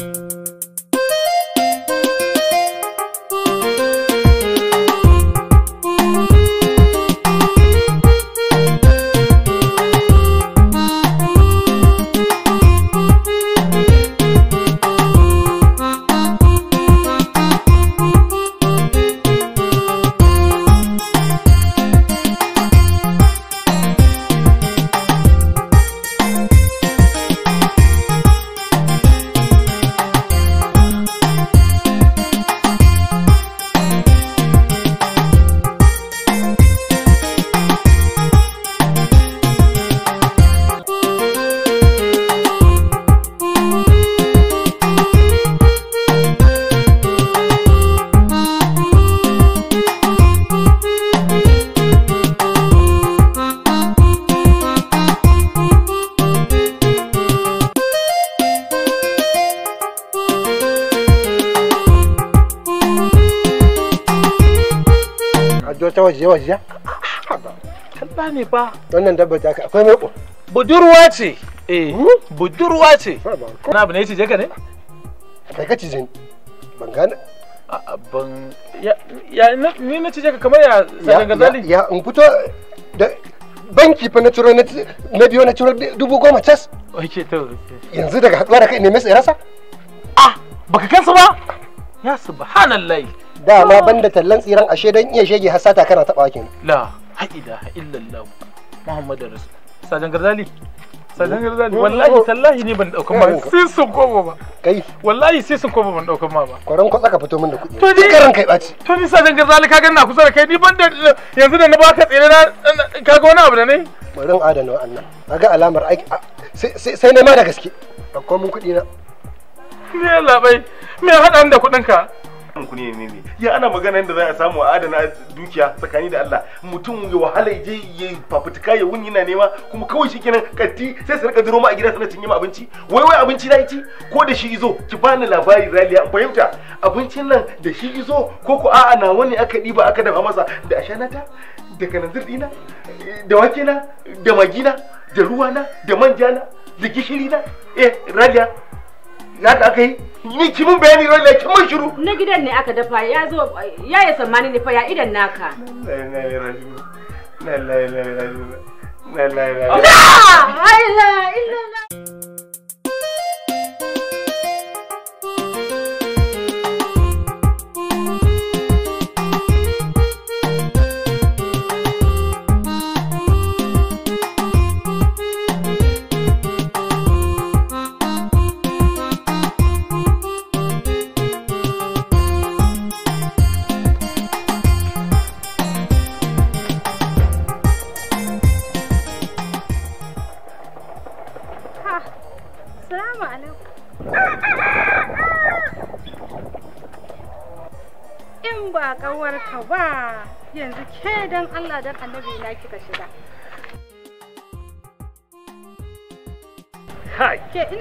Thank you. wajiya talla ne ba wannan dabba ta ka akwai meko budurwa ce eh hmm? budurwa ce na abu ne ce jaka ne kai ka cije ni ban gane ban ya ya ni na cije ka kamar ya zanen gazali ya in fito da banki fa na ciro na biyo na ciro dubu goma cas yanzu daga haɗuwa da kai ne mai sa. ah baka kansa ba ya subhanallahi dama banda tallan tsiran ashe dan iya shege hasata kana taɓa kenan la haƙida illallah muhammadu rasul sajan garzali sajan garzali wallahi tallahi ne ban daukan ma sai su koma ba kai wallahi sai su koma ban daukan ma ba koran kwatsa ka fito min da kuɗi to ni karan kai baci to ni sajan garzali ka ganna kusa da kai ni ban yanzu da na baka tsere na kaga wani abu da ne bari adana wannan kaga alamar aiki sai ne ma da gaske akwai mun kuɗi na ne labai me haɗa da kuɗinka an ku ne ne ya ana magana yadda za a samu a adana dukiya tsakani da Allah mutum ya wahala je ya fafutuka ya wuni yana nema kuma kawai shi kenan katti sai su rika duro ma a gida sana cinye ma abinci wai wai abinci na ci ko da shi izo ki bani labari raliya fahimta abincin nan da shi izo ko ko a'a na wani aka diba aka dafa masa da ashanata da kananzir dina da wake na da magina da ruwana da manjana da gishiri na eh raliya na da aka yi ni ki mun bayani ran ne ki mun shiru na gidan ne aka dafa ya zo ya yi tsammani ne fa ya idan naka la la la la la la la la la la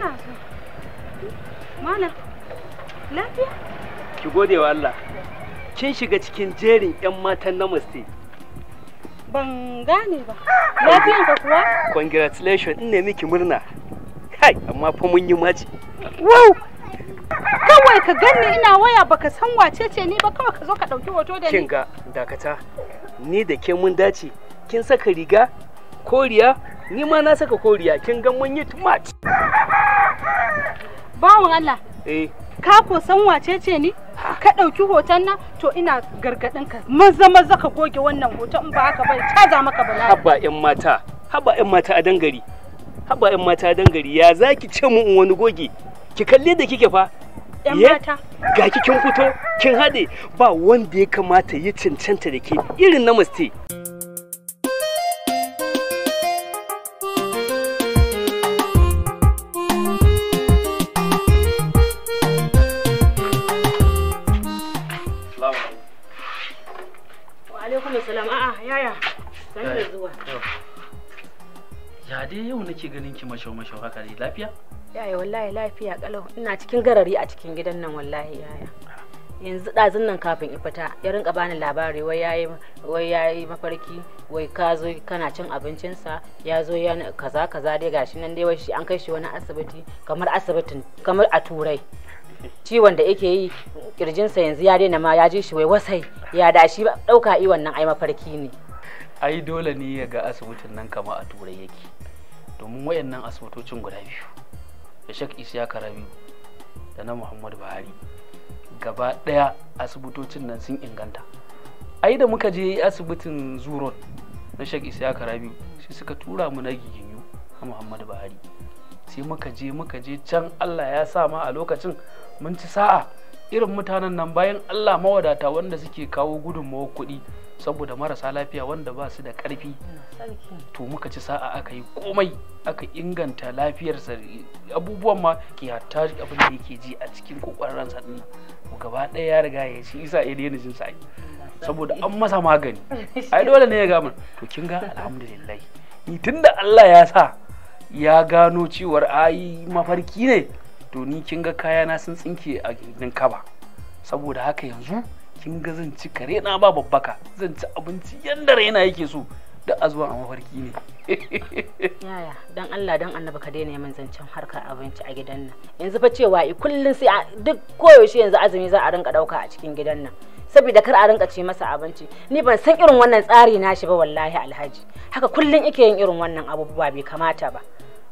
ina malam lafiya ki gode wa Allah kin shiga cikin jerin yan matan namaste ban gane ba lafiyan ka kuwa congratulations ina miki murna kai amma fa mun yi maci? wow kawai ka ganni ina waya baka san wace ce ni ba kawai ka zo ka dauki hoto da ni Kin ga dakata ni da ke mun dace kin saka riga koriya ni ma na saka koriya kin ga mun yi too much bawan Allah. Eh. Ka ko san wace ce ni? Ka ɗauki hoton nan to ina gargaɗin ka maza maza ka goge wannan hoton in ba haka bai caza maka bala. haba ƴan mata, haba mata a dangari. haba mata a dangari ya zaki ce mu in wani goge. Ki kalle da kike fa. Ƴan mata. Ga kin fito kin haɗe ba wanda ya kamata ya cancanta da ke irin na namaste. mashau mashau haka ne lafiya yaya wallahi lafiya kalau ina cikin garari a cikin gidan nan wallahi yaya yanzu ɗazun nan kafin in fita ya rinka bani labari wai yayi wai yayi mafarki wai ka zo kana cin abincinsa ya zo ya kaza kaza dai gashi nan dai wai an kai shi wani asibiti kamar asibitin kamar a turai ciwon da yake yi kirjinsa yanzu ya daina ma ya ji shi wai wasai ya dashi ɗauka i wannan ai mafarki ne ai dole ne ya ga asibitin nan kama a turai yake domin wayannan asibitocin guda biyu da shek isya karabi da na muhammadu buhari gaba ɗaya asibitocin nan sun inganta ai da muka je asibitin zuron na shek isya karabi sai suka tura mu na giginyu na muhammadu buhari sai muka je muka je can allah ya sa ma a lokacin mun ci sa'a irin mutanen nan bayan Allah mawadata wanda suke kawo gudunmawar kuɗi saboda marasa lafiya wanda ba su da ƙarfi to muka ci sa'a aka yi komai aka inganta lafiyarsa abubuwan ma ke hatta abin da yake ji a cikin kokarin sannan gaba ɗaya ya riga ya shi isa ya daina jin sa'i saboda an masa magani ai dole ne ya ga mun to kin ga alhamdulillah ni tunda Allah ya sa ya gano cewar ai mafarki ne to kin ga kayana sun tsinke a gindin kaba saboda haka yanzu kin ga zan ci kare na ba babbaka zan ci abinci yanda raina yake so da azuwa a mafarki ne yaya dan Allah dan annabi ka daina min zancen harkar abinci a gidan nan yanzu fa cewa i kullun sai duk koyaushe yanzu azumi za a rinka dauka a cikin gidan nan saboda kar a rinka ce masa abinci ni ban san irin wannan tsari na shi ba wallahi alhaji haka kullun yake yin irin wannan abubuwa bai kamata ba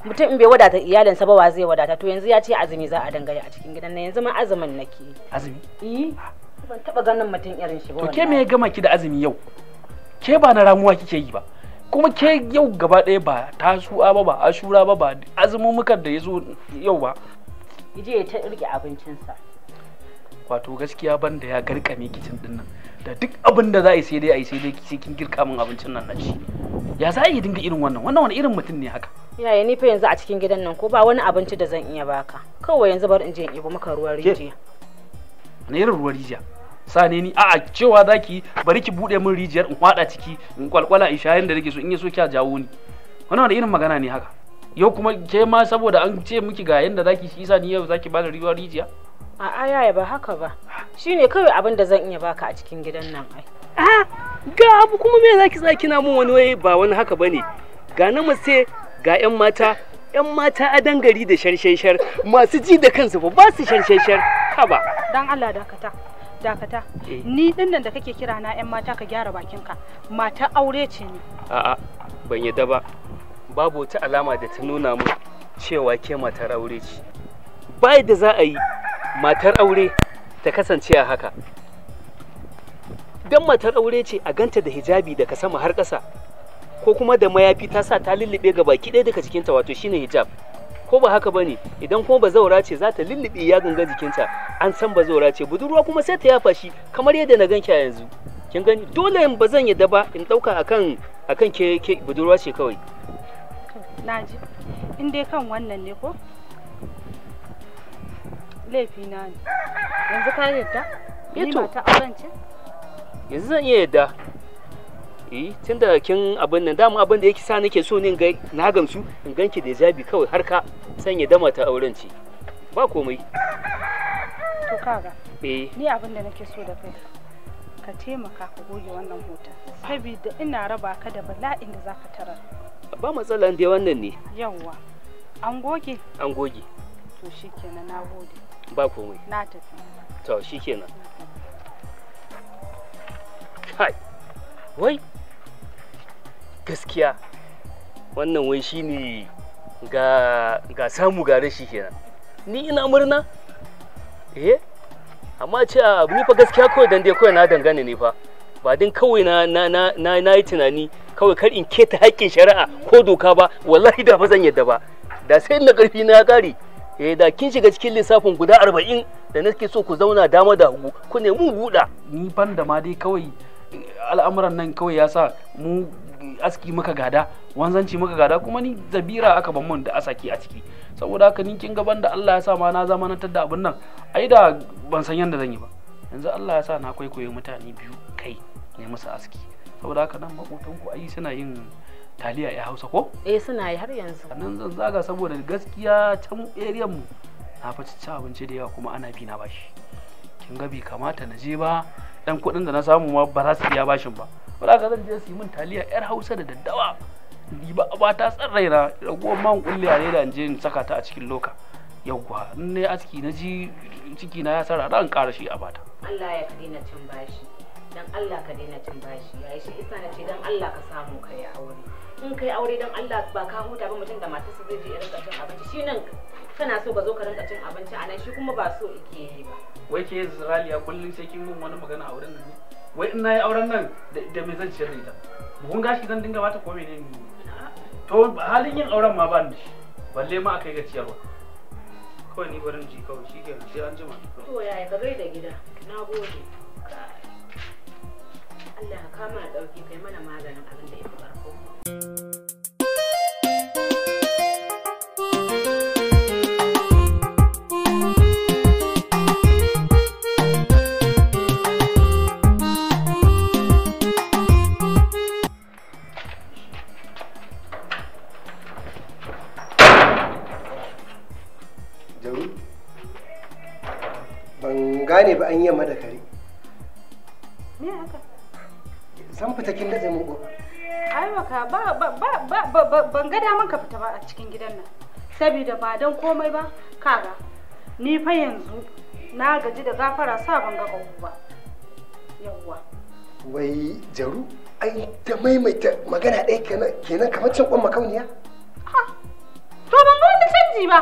mutum in bai wadata iyalinsa ba wa zai wadata to yanzu ya ce azumi za a dangare a cikin gidan nan yanzu ma azumin nake azumi eh ban taba ganin mutum irin shi ba to ke me ya gama ki da azumi yau ke ba na ramuwa kike yi ba kuma ke yau gaba ɗaya ba su'a ba ba ashura ba ba muka da ya zo yau ba ije ta rike abincinsa wato gaskiya ban da ya garkame kicin din nan da duk abin da za a yi sai dai a yi sai dai sai kin girka min abincin nan na ci ya za a yi dinga irin wannan wannan wani irin mutum ne haka yaya ni fa yanzu a cikin gidan nan ko ba wani abinci da zan iya baka kawai yanzu bar in je in ibo maka ruwan rijiya na irin ruwan rijiya sane ni a'a cewa zaki bari ki bude min rijiyar in hwada ciki in kwalkwala in sha da nake so in yaso kya jawo ni wannan wani irin magana ne haka yau kuma ke ma saboda an ce miki ga yanda zaki shi isa ni yau zaki bani ruwan rijiya A'a yaya ba haka ba. Shine kawai abin da zan iya baka a cikin gidan nan ai. ga abu kuma me zaki tsaki na mun wani waye ba wani haka bane. Ga na mace ga 'yan mata ƴan mata a dangari da sharshashar masu ji da kansu ba su sharshashar haba. Dan Allah dakata. dakata eh. ni din nan da kake kira na ƴan mata ka gyara bakinka mata aure ce ni a'a ban yadda ba babu wata alama da ta nuna mu cewa ke matar aure ce bai da za a yi matar aure ta kasance a haka don matar aure ce a ganta da hijabi daga sama har ƙasa ko kuma da mayafi ta sa ta lullube ga baki ɗaya daga jikinta wato shine hijab ko ba haka bane idan kuma bazaura ce za ta lullube ya ganga jikinta an san bazaura ce budurwa kuma sai ta yafa shi kamar yadda na ganki a yanzu kin gani dole ba zan yadda ba in ɗauka akan akan ke budurwa ce kawai naji in dai kan wannan ne ko laifi na ne yanzu ka yadda ni ba ta auren ce yanzu zan iya yadda eh tunda kin abin nan dama abin da yake sa nake so ne ga na gamsu in ganki da jabi kawai har ka sanya dama ta auren ci ba komai to kaga eh ni abin da nake so da kai ka taimaka ka goge wannan hoton saboda ina raba ka da bala'in da zaka tarar ba matsalan dai wannan ne yawwa an goge an goge to shikenan nagode ba komai na tafi to shikenan kai wai gaskiya wannan wai shine ga ga samu gare shi kenan ni ina murna eh amma ce abu ah, ni fa gaskiya kawai dan dai kawai na dangane ne fa ba din kawai na na na yi tunani kawai kar in keta haƙƙin shari'a ko doka ba wallahi da ba zan yadda ba da sai na ƙarfi na ya ƙare eh da kin shiga cikin lissafin guda arba'in da nake so ku zauna dama da hagu ku ne mu buɗa ni ban da ma dai kawai al'amuran nan kawai ya sa mu aski muka gada wanzanci muka gada kuma ni zabira aka ban mun da asaki a ciki saboda haka ni kin gaban da Allah ya sa ma na zama na tadda abin nan ai da ban san yanda zan yi ba yanzu Allah ya sa na kwaikwayo mutane biyu kai ne musu aski saboda haka nan makotan ku ai suna yin taliya ya hausa ko? eh suna yi har yanzu nan zan zaga saboda gaskiya can eriyan mu na fa ci abinci da yawa kuma ana fina bashi kin ga bai kamata na je ba dan kuɗin da na samu ma ba za su biya bashin ba ba ka zan je su yi min taliya yar hausa da daddawa ni ba ba ta san raina ragowar man kulliya ne da in je in saka ta a cikin loka yauwa in ne aski na ji ciki na ya sara in ƙara shi a bata Allah ya daina cin bashi dan Allah ka daina cin bashi ya shi isa na ce dan Allah ka samu ka yi aure in kai aure don Allah ba ka huta ba mutum da matarsa zai je irin cin abinci shi nan kana so ka zo ka rinka cin abinci a nan shi kuma ba so ike yi ba wai ke zaliya kullum sai kin mun wani magana a wurin nan wai in nayi auren nan da me zan ciyar da ita buhun gashi zan dinga mata ko menene to halin yin auren ma ba ni balle ma akai ga ciyarwa kawai ni barin ji kawai shi ke sai an jima to yaya ka gaida gida na gode Allah ka kama dauki kai mana maganin abin da ya fi farko gane ba an yamma da kare. haka? Zan fita kin datse mu gobe. Ai baka ba ba ba ban ga daman ka fita ba a cikin gidan nan. Saboda ba dan komai ba, kaga. Ni fa yanzu na gaji da gafara sa ban ga ƙaho ba. Yawwa. Wai jaru ai ta maimaita magana ɗaya kenan kamar cin kwan makauniya? To ban ga wani canji ba.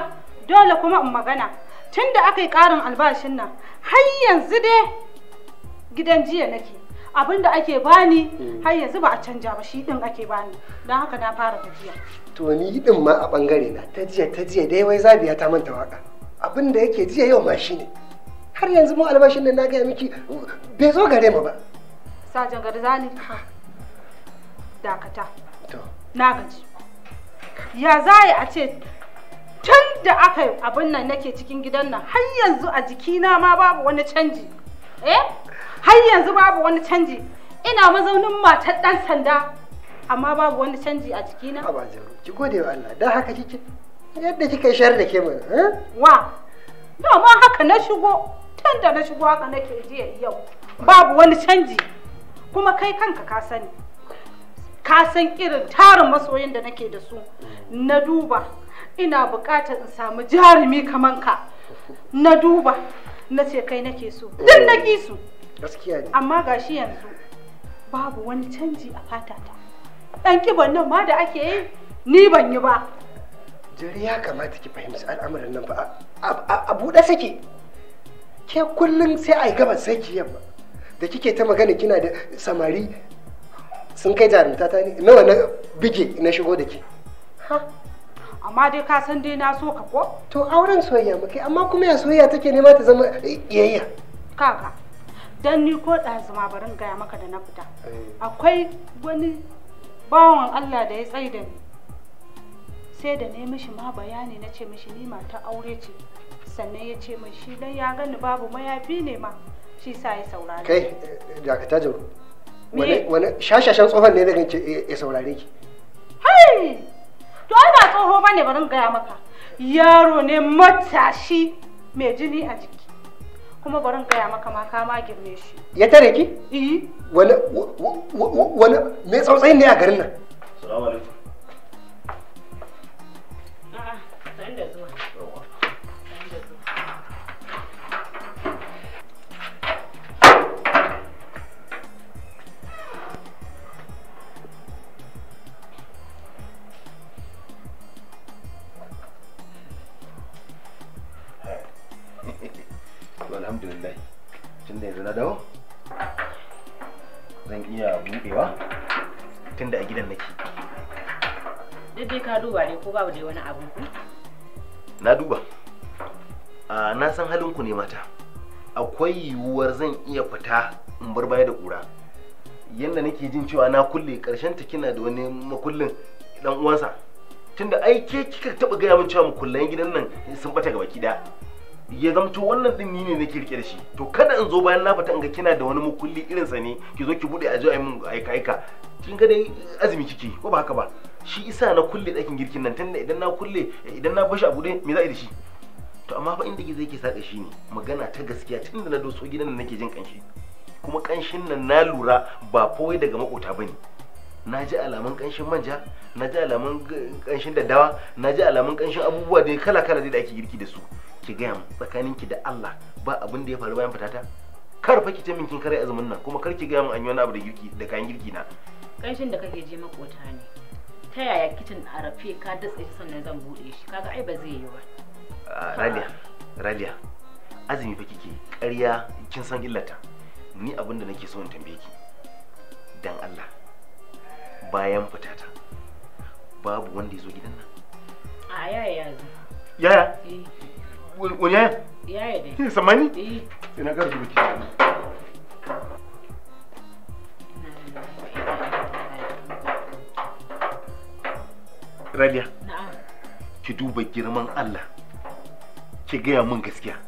Dole kuma in magana. Tunda da aka yi ƙarin albashin nan, har yanzu dai gidan jiya nake. abin da ake bani hmm. har yanzu ba a canja ba shi din ake bani don haka na fara tafiya to ni din ma a bangare na ta jiya ta jiya dai wai zabiya ta manta waka abin da yake jiya yau ma shine har yanzu mu albashin nan na ga miki bai zo gare mu ba sajan garzani dakata to na gaji ya zai a ce tun da aka abin nan nake cikin gidan nan har yanzu a jikina ma babu wani canji eh har yanzu babu wani canji ina mazaunin matar dan sanda amma babu wani canji a jikina a ki gode wa Allah dan haka kike yadda kika shar da ke mun eh? wa ma haka na shigo tun da na shigo haka nake jiya yau babu wani canji kuma kai kanka ka sani ka san irin tarin masoyin da nake da su na duba ina buƙatar in samu jarumi kaman ka na duba na ce kai nake so tun na su Gaskiya ne. Amma gashi yanzu babu wani canji a fatata. Ɗan kiban nan ma da ake yi ni ban yi ba. Jari ya kamata ki fahimci al'amuran nan ba a buɗe sake. Ke kullum sai a yi gaban saki yamma. Da kike ta magana kina da samari sun kai jarumta ta ne nawa na bige na shigo da ke. amma dai ka san dai na so ka ko? To auren soyayya mu kai amma kuma ya soyayya take nema ta zama eh, yayya Kaka dan ni ko ɗazuma barin gaya maka da na fita eh. akwai wani bawan Allah da ya tsaye da ni sai da ne mishi ma bayani na ce mishi ni mata aure ce sannan ya ce min shi dan ya gani babu mayafi ne ma shi sa ya saurare kai dakata jaru wani wani shashashan tsohon ne daga eh, ya saurare ki hai to ai ba tsoho bane barin gaya maka yaro ne matashi mai jini a jiki kuma barin gaya maka ma ka ma girme shi ya tare ki eh wani me tsautsayin ne a garin nan assalamu alaikum alhamdulillah tun da yanzu na dawo zan iya buɗewa tun da a gidan nake duk dai ka duba ne ko babu dai wani abin ku na duba a na san halin ku ne mata akwai yiwuwar zan iya fita in bar baya da ƙura yadda nake jin cewa na kulle ƙarshen ta kina da wani makullin dan uwansa tunda ai ke kika taba gaya min cewa mukullan gidan nan sun bata gaba ki ya zamto wannan din ni ne na rike da shi to kada in zo bayan na fata in ga kina da wani mukulli irin sa ne ki zo ki bude a zo a mun aika aika kin ga dai azumi kike ko ba haka ba shi isa na kulle dakin girkin nan tunda idan na kulle idan na bashi a bude me za a yi da shi to amma fa inda zai ke saka shi ne magana ta gaskiya tunda na doso gidan nan nake jin kanshi kuma kanshin nan na lura ba fowai daga makota bane na ji alamun kanshin manja na ji alamun kanshin daddawa na ji alamun kanshin abubuwa da kala kala da ake girki da su ki gaya mu tsakaninki da Allah ba abin da ya faru bayan fitata kar fa ki ce min kin kare azumin nan kuma kar ki gaya min an yi wani abu da girki da kayan girki na kanshin da kake je makota ne ta yaya kicin a rafe ka datse shi sannan zan bude shi kaga ai ba zai yi ba Raliya Raliya azumi fa kike ƙarya kin san illata ni abin da nake so in tambaye ki dan Allah bayan fitata babu wanda ya zo gidan nan a yaya ya zo yaya eh. Ya yi dai. na Ki duba girman Allah. Ki gaya min gaskiya.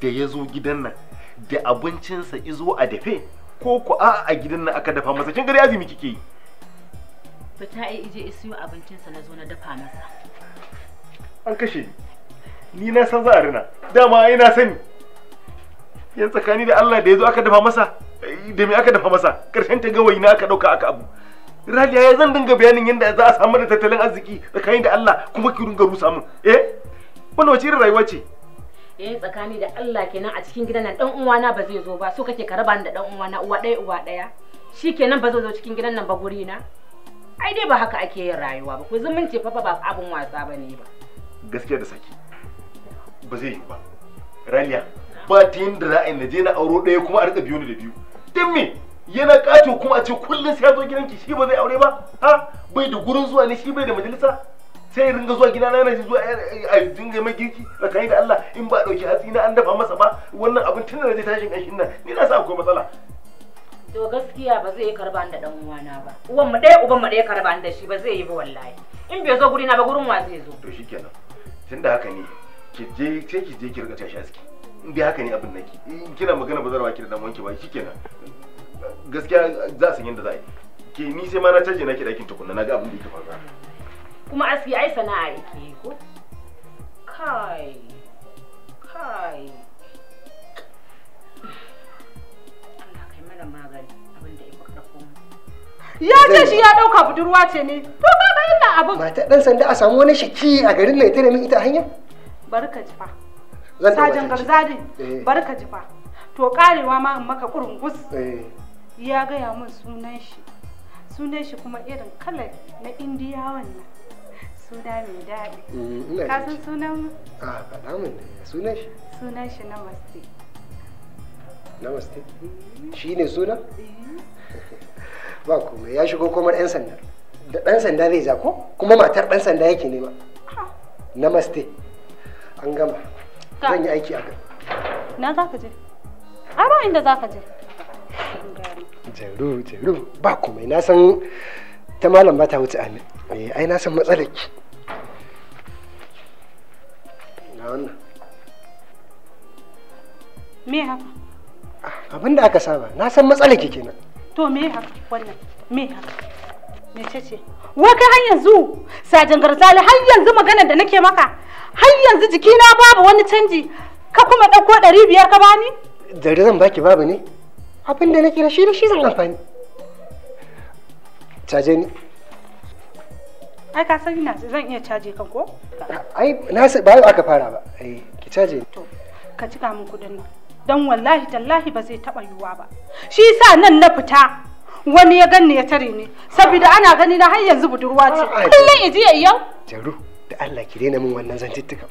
Da ya zo gidan nan, da abincinsa izo a dafe, ko ku a a gidan nan aka dafa masa kin gari azumi kike yi. Fita ai ije isiyo abincinsa na zo na dafa masa. An kashe ni. ni na san za a rina dama ai na sani yan tsakani da Allah da yazo aka dafa masa da me aka dafa masa karshen ta gawayi na aka dauka aka abu Raliya ya zan dinga bayanin yadda za a samu da tattalin arziki tsakani da Allah kuma ki dinga rusa min eh wannan wace irin rayuwa ce eh tsakani da Allah kenan a cikin gidan nan dan uwana ba zai zo ba so kake ka raba ni da dan uwana uwa ɗaya uwa ɗaya kenan ba zai zo cikin gidan nan ba guri na ai dai ba haka ake yin rayuwa ba ku zumunci fa ba abun wasa bane ba gaskiya da saki ba zai yi ba raliya ba ta yin da za na je na auro ɗaya kuma a rika biyu ni da biyu don me yana ƙato kuma a ce kullum sai ya zo gidanki shi ba zai aure ba ha bai da gurin zuwa ne shi bai da majalisa sai ringa zuwa gidana yana zuwa eh, eh, a dinga mai girki tsakani da Allah in ba dauki hatsi na an dafa masa ba wannan abin tun da zai tashin kanshin nan ni na sa akwai matsala to gaskiya ba zai karba da dan uwana ba uwan mu ɗaya uban mu ɗaya karba da shi ba zai yi ba wallahi in bai zo guri na ba gurin wa zai zo to shikenan tunda haka ne ki je sai ki je ki riga tashi aski in dai haka ne abin naki in kina magana ba zarawa ki da dan wanke ba shikenan gaskiya za su yin da za yi ke ni sai ma na caje naki dakin tukunna na ga abin da yake faruwa kuma aski ai sana'a yake ko kai kai ya ce shi ya dauka budurwa ce ne to ba ga illa abin mata dan sanda a samu wani shaki a garin nan ya tare min ita hanya Barka ka ji fa sajan garzadi eh. bari ji fa to karewa ma in maka kurungus eh. ya gaya min sunan shi sunan shi kuma irin kalar na indiyawan nan suna mai daɗi mm, ka san sunan a faɗa min sunan shi sunan shi namaste namaste shi ne suna eh. ba kuma ya shigo komar 'yan sanda da ɗan sanda zai za ko kuma matar ɗan sanda yake nema ah. namaste an gama zan yi aiki a kan na za ka je a ba inda za ka je jaru jaru ba komai na san ta malam ba ta wuce amin eh, ai na san matsalar ki na wannan me haka ah, abin da aka saba na san matsalar ki kenan to me haka wannan me haka ce? Wai kai har yanzu Sajan Garzali har yanzu maganar da nake maka har yanzu jikina babu wani canji ka kuma ɗauko ɗari biyar ka bani? dare zan baki babu ne? Abin da nake da shi da shi zan amfani. Caje ni. Ai ka sani na zan iya caje kan ko? Ai na sai ba aka fara ba. Ai ki caje ni. To ka cika min kudin nan. Dan wallahi tallahi ba zai taɓa yiwuwa ba. Shi sa nan na fita wani ya ganni ya tare ni saboda ana gani na har yanzu budurwa ce kullum iji ya yau jaru da Allah ki daina min wannan zantuttukan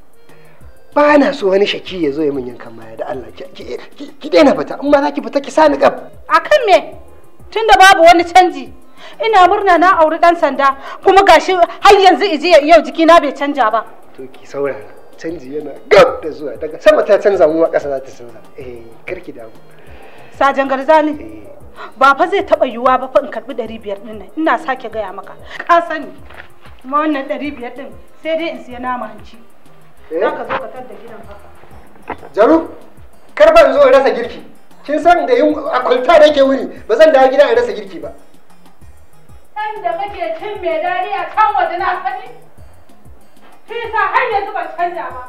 ba na so wani shaki ya zo ya min yankan maya da Allah ki daina fita in za ki fita ki sani gab akan me tunda babu wani canji ina murna na auri dan sanda kuma gashi har yanzu iji yau jikina bai canja ba to ki saurara canji yana gab da zuwa daga sama ta canza mu a ƙasa za ta canza eh karki damu sajan eh ba fa zai taɓa yiwuwa ba fa in karɓi ɗari biyar ɗin nan ina sake gaya maka ka sani kuma wannan ɗari biyar ɗin sai dai in siya nama hanci ci eh? za ka zo ka tar da gidan haka jaru kar ban zo in rasa girki kin san da yin a da ke wuri ba zan dawo gida in rasa girki ba ɗan da kake cin mai dadi a kan wata na sani shi sa har yanzu ban canja ba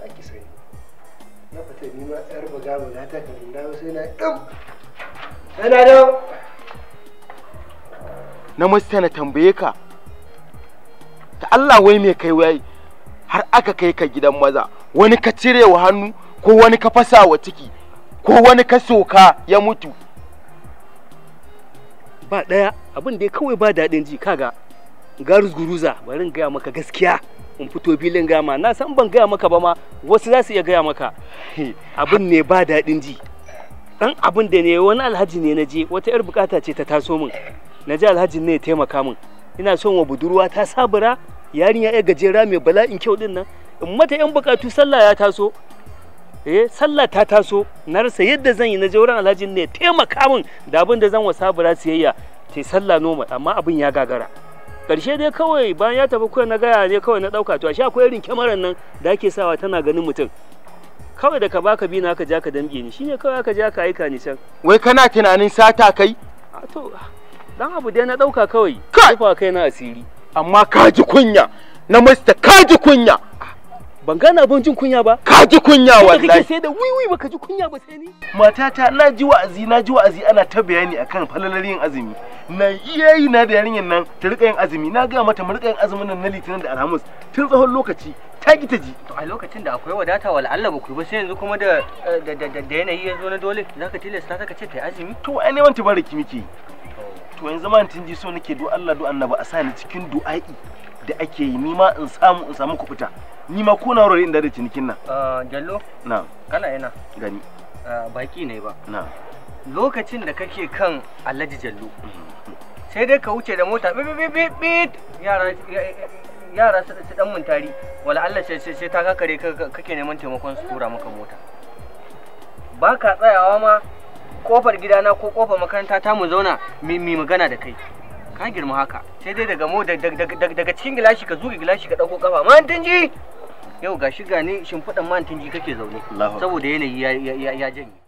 ba ki sani na fata ni ma yar buga buga ta kan dawo sai na ɗan Yana na musta na tambaye ka ta Allah wai mai kai wai har aka kai ka gidan maza wani ka cire wa hannu ko wani ka fasa wa ciki ko wani ka soka ya mutu ba ɗaya abin da kawai ba daɗin ji kaga garus guruza barin ga gaya maka gaskiya in fito filin gama na san ban gaya maka ba ma wasu za su iya gaya maka abin ne ba daɗin ji dan abin da ne wani alhaji ne na je wata yar bukata ce ta taso min na ji alhajin ne ya taimaka min ina son wa budurwa ta sabura yarinya ya gajera mai bala'in kyau din nan in mata yan bukatu sallah ya taso eh sallah ta taso na rasa yadda zan yi na je wurin alhajin ne ya taimaka min da abin da zan wa sabura siyayya ce sallah normal amma abin ya gagara karshe dai kawai bayan ya tafi kuwa na gaya ne kawai na dauka to ashe akwai irin kyamarar nan da ake sawa tana ganin mutum kawai da ka baka bi naka ja ka dambe ni shine kawai aka ja ka aika ni can wai kana tunanin sata kai a to dan abu dai na ɗauka kawai rufa kai na asiri amma ka ji kunya na masta ka ji kunya ban gane abin jin kunya ba ka ji kunya wallahi kake sai da wiwi baka ji kunya ba sai ni matata na ji wa'azi na ji wa'azi ana ta bayani akan falalar yin azumi na iyayi na da yarinyar nan ta rika yin azumi na ga mata mu rika yin azumin nan na litinin da alhamis tun tsawon lokaci ta ta ji to a lokacin da akwai wadata wal Allah ba ku ba sai yanzu kuma eh, da da da yanayi ya zo na dole zaka tilasta ta ce ta azumi to ai neman tabaraki miki to yanzu ma tun ji so nake do Allah do annabi a sani cikin du'a'i da ake yi nima in samu in samu kubuta nima ko na wurare inda da cinikin nan ah, jallo na kana ina gani ah, baki ne ba na lokacin da kake kan Alhaji Jallo mm. sai dai ka wuce da mota "Bi-bi-bi-bi, yara yara su dan tari, wala Allah sai sai ta ka kare kake neman taimakon su tura maka mota ba ka tsayawa ma kofar gidana ko kofar makaranta ta mu zauna mi magana da kai ka girma haka sai dai daga mu daga cikin gilashi ka zuge gilashi ka dauko kafa man tunji yau gashi gani shimfiɗan man tunji kake zaune saboda yanayi ya janye